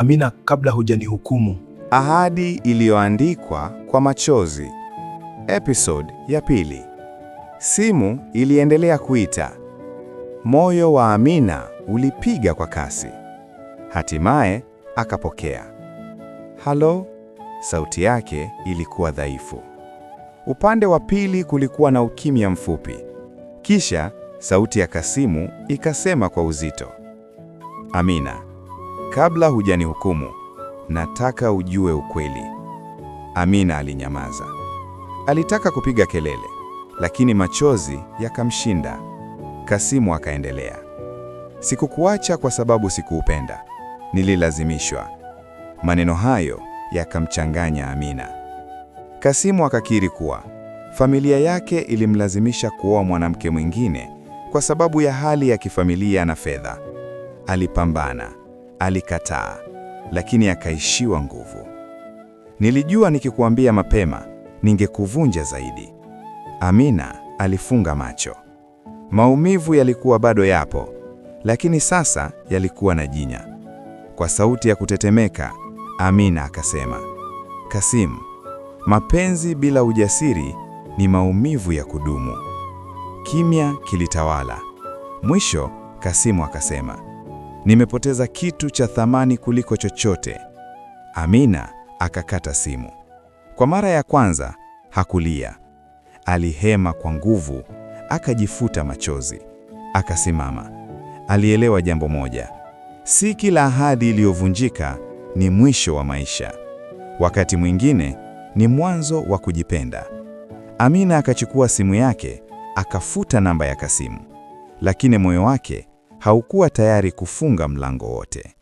Amina, kabla hujanihukumu. Ahadi iliyoandikwa kwa machozi. Episode ya pili. Simu iliendelea kuita. Moyo wa Amina ulipiga kwa kasi. Hatimaye akapokea. Halo? Sauti yake ilikuwa dhaifu. Upande wa pili kulikuwa na ukimya mfupi. Kisha sauti ya Kasimu ikasema kwa uzito. Amina, Kabla hujanihukumu, nataka ujue ukweli. Amina alinyamaza. Alitaka kupiga kelele, lakini machozi yakamshinda. Kasimu akaendelea. Sikukuacha kwa sababu sikuupenda. Nililazimishwa. Maneno hayo yakamchanganya Amina. Kasimu akakiri kuwa familia yake ilimlazimisha kuoa mwanamke mwingine kwa sababu ya hali ya kifamilia na fedha. Alipambana, Alikataa, lakini akaishiwa nguvu. Nilijua nikikuambia mapema ningekuvunja zaidi. Amina alifunga macho. Maumivu yalikuwa bado yapo, lakini sasa yalikuwa na jinya. Kwa sauti ya kutetemeka, Amina akasema, Kasim, mapenzi bila ujasiri ni maumivu ya kudumu. Kimya kilitawala. Mwisho Kasimu akasema nimepoteza kitu cha thamani kuliko chochote. Amina akakata simu. Kwa mara ya kwanza hakulia, alihema kwa nguvu, akajifuta machozi, akasimama. Alielewa jambo moja: si kila ahadi iliyovunjika ni mwisho wa maisha, wakati mwingine ni mwanzo wa kujipenda. Amina akachukua simu yake, akafuta namba ya Kasimu, lakini moyo wake haukuwa tayari kufunga mlango wote.